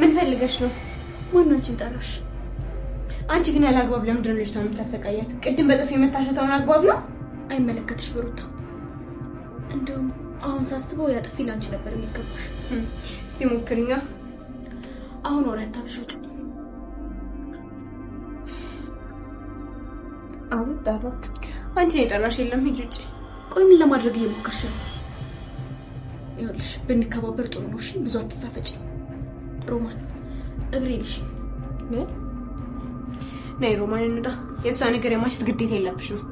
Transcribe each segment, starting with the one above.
ምን ፈልገሽ ነው? ማነው አንቺን ጠራሽ? አንቺ ግን ያለ አግባብ ለምንድን ነው ልጅቷን የምታሰቃያት? ቅድም በጥፊ የመታሸታውን አግባብ ነው? አይመለከትሽ ብሩታ። እንደውም አሁን ሳስበው ያ ጥፊ ላንቺ ነበር የሚገባሽ። እስቲ ሞክርኛ። አሁን ወራት ታብሹት። አሁን ጠራች። አንቺ የጠራሽ የለም። ሂጂ ውጪ። ቆይ ምን ለማድረግ እየሞከርሽ ነው? ይኸውልሽ ብንከባበር ጥሩ ነው። እሺ ብዙ አትሳፈጭ ሮማን እግሬ ልሽ ነው። ነይ ሮማን እንውጣ። የእሷ ነገር የማሸት ግዴታ የለብሽ ነው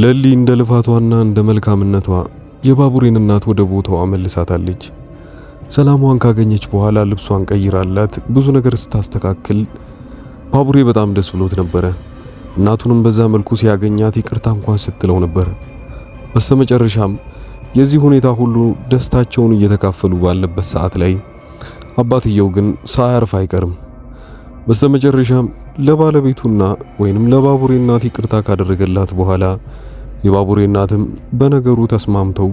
ለሊ እንደ ልፋቷና እንደ መልካምነቷ የባቡሬን እናት ወደ ቦታዋ መልሳታለች። ሰላሟን ካገኘች በኋላ ልብሷን ቀይራላት ብዙ ነገር ስታስተካክል ባቡሬ በጣም ደስ ብሎት ነበረ። እናቱንም በዛ መልኩ ሲያገኛት ይቅርታ እንኳን ስትለው ነበር። በስተመጨረሻም የዚህ ሁኔታ ሁሉ ደስታቸውን እየተካፈሉ ባለበት ሰዓት ላይ አባትየው ግን ሳያርፍ አይቀርም። በስተመጨረሻም ለባለቤቱና ወይንም ለባቡሬ እናት ይቅርታ ካደረገላት በኋላ የባቡሬ እናትም በነገሩ ተስማምተው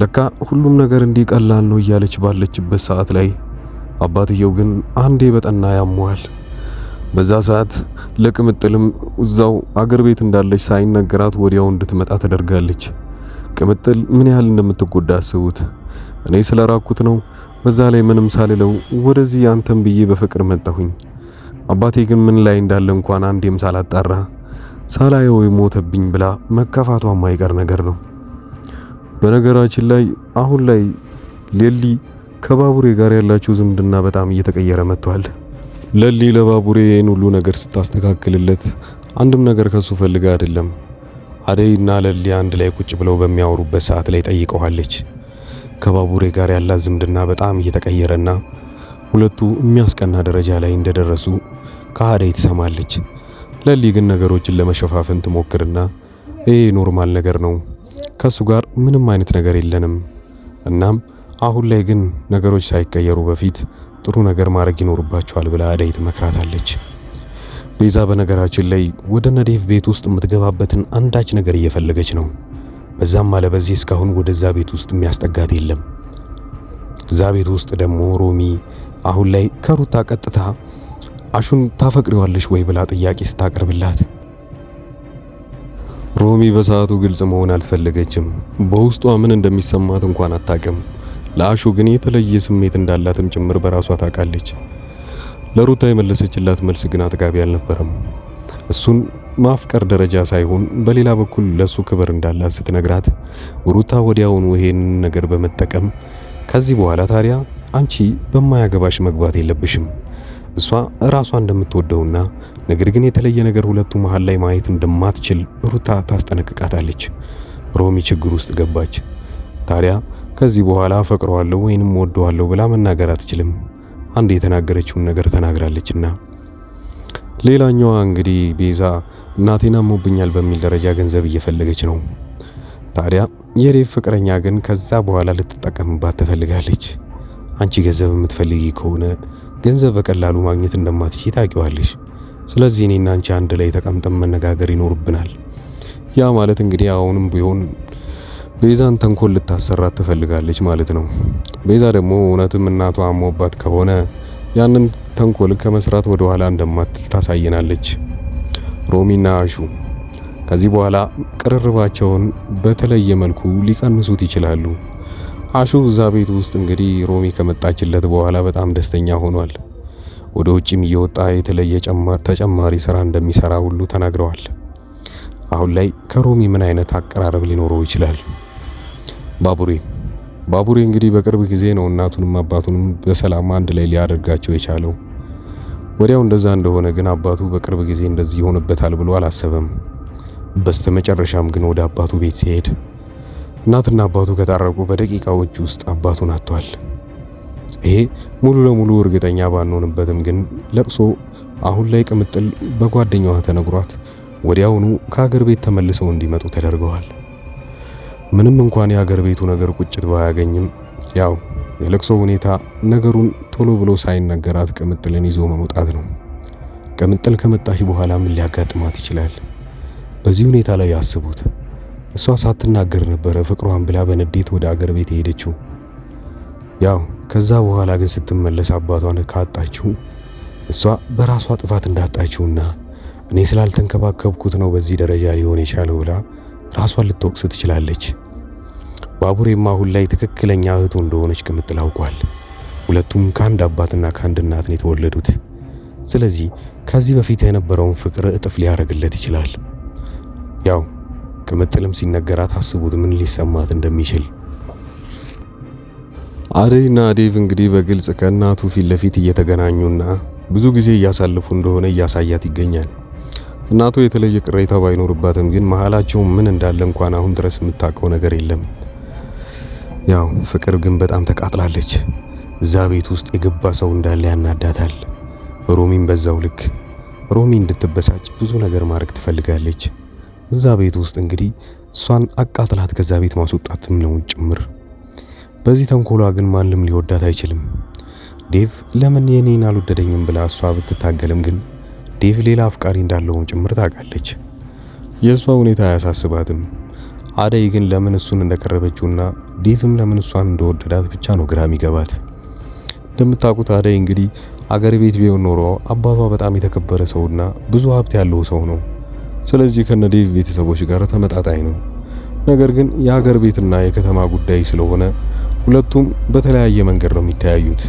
ለካ ሁሉም ነገር እንዲቀላል ነው እያለች ባለችበት ሰዓት ላይ አባትየው ግን አንዴ በጠና ያመዋል። በዛ ሰዓት ለቅምጥልም እዛው አገር ቤት እንዳለች ሳይነገራት ወዲያው እንድትመጣ ተደርጋለች። ቅምጥል ምን ያህል እንደምትጎዳ አስቡት። እኔ ስለራኩት ነው በዛ ላይ ምንም ሳልለው ወደዚህ ያንተን ብዬ በፍቅር መጣሁኝ አባቴ ግን ምን ላይ እንዳለ እንኳን አንዴም ሳላጣራ ሳላየው የሞተብኝ ብላ መከፋቷ ማይቀር ነገር ነው። በነገራችን ላይ አሁን ላይ ሌሊ ከባቡሬ ጋር ያላቸው ዝምድና በጣም እየተቀየረ መጥቷል። ሌሊ ለባቡሬ ይህን ሁሉ ነገር ስታስተካክልለት አንድም ነገር ከሱ ፈልጋ አይደለም። አደይና ሌሊ አንድ ላይ ቁጭ ብለው በሚያወሩበት ሰዓት ላይ ጠይቀዋለች። ከባቡሬ ጋር ያላት ዝምድና በጣም እየተቀየረና ሁለቱ የሚያስቀና ደረጃ ላይ እንደደረሱ ከአደይ ትሰማለች። ለሊ ግን ነገሮችን ለመሸፋፈን ትሞክርና ይሄ ኖርማል ነገር ነው፣ ከእሱ ጋር ምንም አይነት ነገር የለንም። እናም አሁን ላይ ግን ነገሮች ሳይቀየሩ በፊት ጥሩ ነገር ማድረግ ይኖርባቸዋል ብላ አደይ ትመክራታለች። ቤዛ በነገራችን ላይ ወደ ነዴፍ ቤት ውስጥ የምትገባበትን አንዳች ነገር እየፈለገች ነው። በዛም አለበዚህ እስካሁን ወደዛ ቤት ውስጥ የሚያስጠጋት የለም። እዛ ቤት ውስጥ ደግሞ ሮሚ አሁን ላይ ከሩታ ቀጥታ አሹን ታፈቅሪዋለሽ ወይ ብላ ጥያቄ ስታቀርብላት ሮሚ በሰዓቱ ግልጽ መሆን አልፈለገችም። በውስጧ ምን እንደሚሰማት እንኳን አታቅም። ለአሹ ግን የተለየ ስሜት እንዳላትም ጭምር በራሷ ታውቃለች። ለሩታ የመለሰችላት መልስ ግን አጥጋቢ አልነበረም። እሱን ማፍቀር ደረጃ ሳይሆን በሌላ በኩል ለሱ ክብር እንዳላት ስትነግራት ሩታ ወዲያውኑ ይሄንን ነገር በመጠቀም ከዚህ በኋላ ታዲያ አንቺ በማያገባሽ መግባት የለብሽም። እሷ ራሷ እንደምትወደውና ነገር ግን የተለየ ነገር ሁለቱ መሃል ላይ ማየት እንደማትችል ሩታ ታስጠነቅቃታለች። ሮሚ ችግር ውስጥ ገባች። ታዲያ ከዚህ በኋላ ፈቅረዋለሁ ወይንም ወደዋለሁ ብላ መናገር አትችልም። አንድ የተናገረችውን ነገር ተናግራለችና። ሌላኛዋ እንግዲህ ቤዛ እናቴን አሞብኛል በሚል ደረጃ ገንዘብ እየፈለገች ነው። ታዲያ የሬፍ ፍቅረኛ ግን ከዛ በኋላ ልትጠቀምባት ትፈልጋለች። አንቺ ገንዘብ የምትፈልጊ ከሆነ ገንዘብ በቀላሉ ማግኘት እንደማትች ታውቂዋለሽ። ስለዚህ እኔና አንቺ አንድ ላይ ተቀምጠን መነጋገር ይኖርብናል። ያ ማለት እንግዲህ አሁንም ቢሆን ቤዛን ተንኮል ልታሰራት ትፈልጋለች ማለት ነው። ቤዛ ደግሞ እውነትም እናቷ አሞባት ከሆነ ያንን ተንኮል ከመስራት ወደ ኋላ እንደማትል ታሳየናለች። ሮሚና አሹ ከዚህ በኋላ ቅርርባቸውን በተለየ መልኩ ሊቀንሱት ይችላሉ። አሹ እዛ ቤት ውስጥ እንግዲህ ሮሚ ከመጣችለት በኋላ በጣም ደስተኛ ሆኗል። ወደ ውጭም እየወጣ የተለየ ተጨማሪ ስራ እንደሚሰራ ሁሉ ተናግረዋል። አሁን ላይ ከሮሚ ምን አይነት አቀራረብ ሊኖረው ይችላል? ባቡሬ ባቡሬ እንግዲህ በቅርብ ጊዜ ነው እናቱንም አባቱንም በሰላም አንድ ላይ ሊያደርጋቸው የቻለው። ወዲያው እንደዛ እንደሆነ ግን አባቱ በቅርብ ጊዜ እንደዚህ ይሆንበታል ብሎ አላሰበም። በስተመጨረሻም ግን ወደ አባቱ ቤት ሲሄድ እናትና አባቱ ከታረቁ በደቂቃዎች ውስጥ አባቱን አጥቷል። ይሄ ሙሉ ለሙሉ እርግጠኛ ባንሆንበትም ግን ለቅሶ አሁን ላይ ቅምጥል በጓደኛዋ ተነግሯት ወዲያውኑ ከሀገር ቤት ተመልሰው እንዲመጡ ተደርገዋል። ምንም እንኳን የሀገር ቤቱ ነገር ቁጭት ባያገኝም ያው የለቅሶ ሁኔታ ነገሩን ቶሎ ብሎ ሳይነገራት ቅምጥልን ይዞ መውጣት ነው። ቅምጥል ከመጣች በኋላ ምን ሊያጋጥማት ይችላል? በዚህ ሁኔታ ላይ ያስቡት። እሷ ሳትናገር ነበረ ፍቅሯን ብላ በንዴት ወደ አገር ቤት የሄደችው። ያው ከዛ በኋላ ግን ስትመለስ አባቷን ካጣችው እሷ በራሷ ጥፋት እንዳጣችውና እኔ ስላልተንከባከብኩት ነው በዚህ ደረጃ ሊሆን የቻለው ብላ ራሷን ልትወቅስ ትችላለች። ባቡሬማ አሁን ላይ ትክክለኛ እህቱ እንደሆነች ቅምጥል አውቋል። ሁለቱም ከአንድ አባትና ከአንድ እናት ነው የተወለዱት። ስለዚህ ከዚህ በፊት የነበረውን ፍቅር እጥፍ ሊያደርግለት ይችላል ያው ቅምጥልም ሲነገራት አስቡት ምን ሊሰማት እንደሚችል። አደይና ዴቭ እንግዲህ በግልጽ ከእናቱ ፊት ለፊት እየተገናኙና ብዙ ጊዜ እያሳለፉ እንደሆነ እያሳያት ይገኛል። እናቱ የተለየ ቅሬታ ባይኖርባትም ግን መሀላቸው ምን እንዳለ እንኳን አሁን ድረስ የምታውቀው ነገር የለም። ያው ፍቅር ግን በጣም ተቃጥላለች። እዛ ቤት ውስጥ የገባ ሰው እንዳለ ያናዳታል። ሮሚን በዛው ልክ ሮሚ እንድትበሳጭ ብዙ ነገር ማድረግ ትፈልጋለች። እዛ ቤት ውስጥ እንግዲህ እሷን አቃጥላት ከዛ ቤት ማስወጣትም ነው ጭምር። በዚህ ተንኮሏ ግን ማንም ሊወዳት አይችልም። ዴቭ ለምን የኔን አልወደደኝም ብላ እሷ ብትታገልም ግን ዴቭ ሌላ አፍቃሪ እንዳለውም ጭምር ታውቃለች። የእሷ ሁኔታ አያሳስባትም። አደይ ግን ለምን እሱን እንደቀረበችውና ዴቭም ለምን እሷን እንደወደዳት ብቻ ነው ግራ የሚገባት። እንደምታውቁት አደይ እንግዲህ አገር ቤት ቢሆን ኖሮ አባቷ በጣም የተከበረ ሰውና ብዙ ሀብት ያለው ሰው ነው። ስለዚህ ከነዴቭ ቤተሰቦች ጋር ተመጣጣኝ ነው። ነገር ግን የሀገር ቤትና የከተማ ጉዳይ ስለሆነ ሁለቱም በተለያየ መንገድ ነው የሚተያዩት።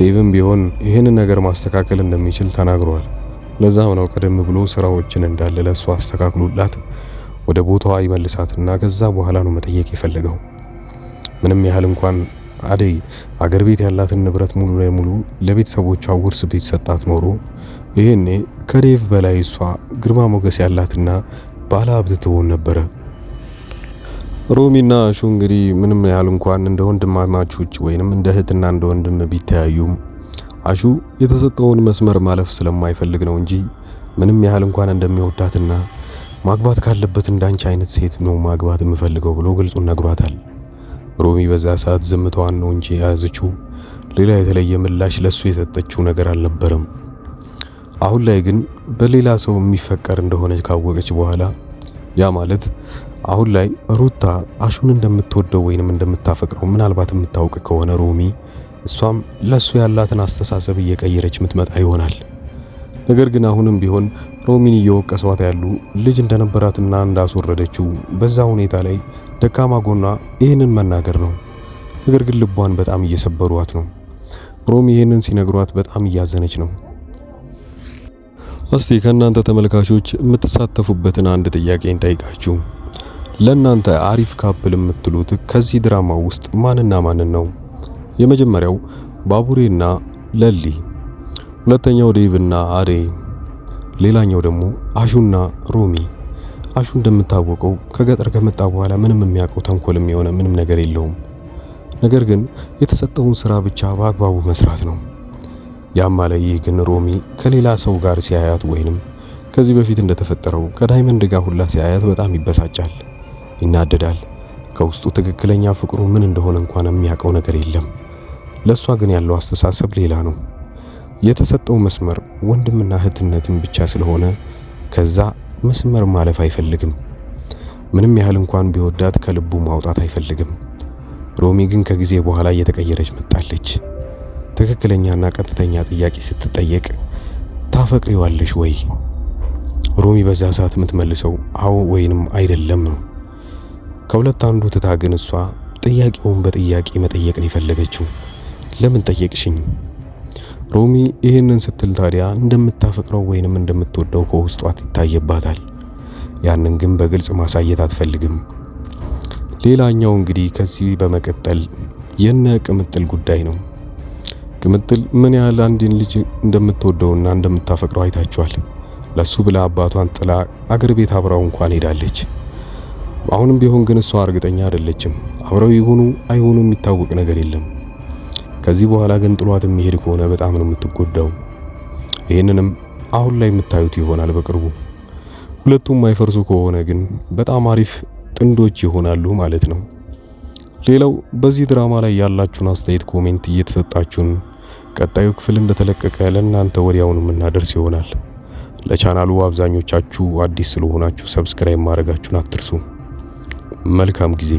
ዴቭም ቢሆን ይህንን ነገር ማስተካከል እንደሚችል ተናግሯል። ለዛም ነው ቀደም ብሎ ስራዎችን እንዳለ ለእሱ አስተካክሎላት ወደ ቦታዋ ይመልሳትና ከዛ በኋላ ነው መጠየቅ የፈለገው። ምንም ያህል እንኳን አደይ አገር ቤት ያላትን ንብረት ሙሉ ለሙሉ ለቤተሰቦቿ ውርስ ሰጣት ኖሮ ይሄኔ ከዴቭ በላይ እሷ ግርማ ሞገስ ያላትና ባለ ሀብት ትሆን ነበረ። ሮሚና ሹ እንግዲህ ምንም ያህል እንኳን እንደ ወንድማማቾች ወይንም እንደ እህትና እንደ ወንድም ቢተያዩም አሹ የተሰጠውን መስመር ማለፍ ስለማይፈልግ ነው እንጂ ምንም ያህል እንኳን እንደሚወዳትና ማግባት ካለበት እንዳንቺ አይነት ሴት ነው ማግባት የምፈልገው ብሎ ግልጹን ነግሯታል። ሮሚ በዛ ሰዓት ዝምታዋን ነው እንጂ የያዘችው ሌላ የተለየ ምላሽ ለሱ የሰጠችው ነገር አልነበረም። አሁን ላይ ግን በሌላ ሰው የሚፈቀር እንደሆነች ካወቀች በኋላ ያ ማለት አሁን ላይ ሩታ አሹን እንደምትወደው ወይንም እንደምታፈቅረው ምናልባት የምታውቅ ከሆነ ሮሚ እሷም ለሱ ያላትን አስተሳሰብ እየቀየረች ምትመጣ ይሆናል። ነገር ግን አሁንም ቢሆን ሮሚን እየወቀሷት ያሉ ልጅ እንደነበራትና እንዳስወረደችው በዛ ሁኔታ ላይ ደካማ ጎኗ ይህንን መናገር ነው። ነገር ግን ልቧን በጣም እየሰበሯት ነው። ሮሚ ይህንን ሲነግሯት በጣም እያዘነች ነው። እስቲ ከእናንተ ተመልካቾች የምትሳተፉበትን አንድ ጥያቄ እንጠይቃችሁ። ለእናንተ አሪፍ ካፕል የምትሉት ከዚህ ድራማ ውስጥ ማንና ማንን ነው? የመጀመሪያው ባቡሬና ለሊ፣ ሁለተኛው ዴቭና አዴ፣ ሌላኛው ደግሞ አሹና ሮሚ። አሹ እንደምታወቀው ከገጠር ከመጣ በኋላ ምንም የሚያውቀው ተንኮልም የሆነ ምንም ነገር የለውም። ነገር ግን የተሰጠውን ስራ ብቻ በአግባቡ መስራት ነው። ይህ ግን ሮሚ ከሌላ ሰው ጋር ሲያያት ወይንም ከዚህ በፊት እንደተፈጠረው ከዳይመንድ ጋር ሁላ ሲያያት በጣም ይበሳጫል፣ ይናደዳል። ከውስጡ ትክክለኛ ፍቅሩ ምን እንደሆነ እንኳን የሚያውቀው ነገር የለም። ለእሷ ግን ያለው አስተሳሰብ ሌላ ነው። የተሰጠው መስመር ወንድምና እህትነትን ብቻ ስለሆነ ከዛ መስመር ማለፍ አይፈልግም። ምንም ያህል እንኳን ቢወዳት ከልቡ ማውጣት አይፈልግም። ሮሚ ግን ከጊዜ በኋላ እየተቀየረች መጣለች። ትክክለኛና ቀጥተኛ ጥያቄ ስትጠየቅ ታፈቅሪዋለሽ ወይ? ሮሚ በዛ ሰዓት የምትመልሰው አዎ ወይንም አይደለም ነው። ከሁለት አንዱ ትታ ግን እሷ ጥያቄውን በጥያቄ መጠየቅን የፈለገችው ለምን ጠየቅሽኝ? ሮሚ ይህንን ስትል ታዲያ እንደምታፈቅረው ወይንም እንደምትወደው ከውስጧ ይታየባታል። ያንን ግን በግልጽ ማሳየት አትፈልግም። ሌላኛው እንግዲህ ከዚህ በመቀጠል የነ ቅምጥል ጉዳይ ነው። ቅምጥል ምን ያህል አንድን ልጅ እንደምትወደውና እንደምታፈቅረው አይታችኋል። ለሱ ብላ አባቷን ጥላ አገር ቤት አብራው እንኳን ሄዳለች። አሁንም ቢሆን ግን እሷ እርግጠኛ አይደለችም። አብረው ይሁኑ አይሁኑ የሚታወቅ ነገር የለም። ከዚህ በኋላ ግን ጥሏት የሚሄድ ከሆነ በጣም ነው የምትጎዳው። ይህንንም አሁን ላይ የምታዩት ይሆናል በቅርቡ። ሁለቱም አይፈርሱ ከሆነ ግን በጣም አሪፍ ጥንዶች ይሆናሉ ማለት ነው። ሌላው በዚህ ድራማ ላይ ያላችሁን አስተያየት ኮሜንት እየተሰጣችሁን ቀጣዩ ክፍል እንደተለቀቀ ለእናንተ ወዲያውኑ የምናደርስ ይሆናል። ለቻናሉ አብዛኞቻችሁ አዲስ ስለሆናችሁ ሰብስክራይብ ማድረጋችሁን አትርሱ። መልካም ጊዜ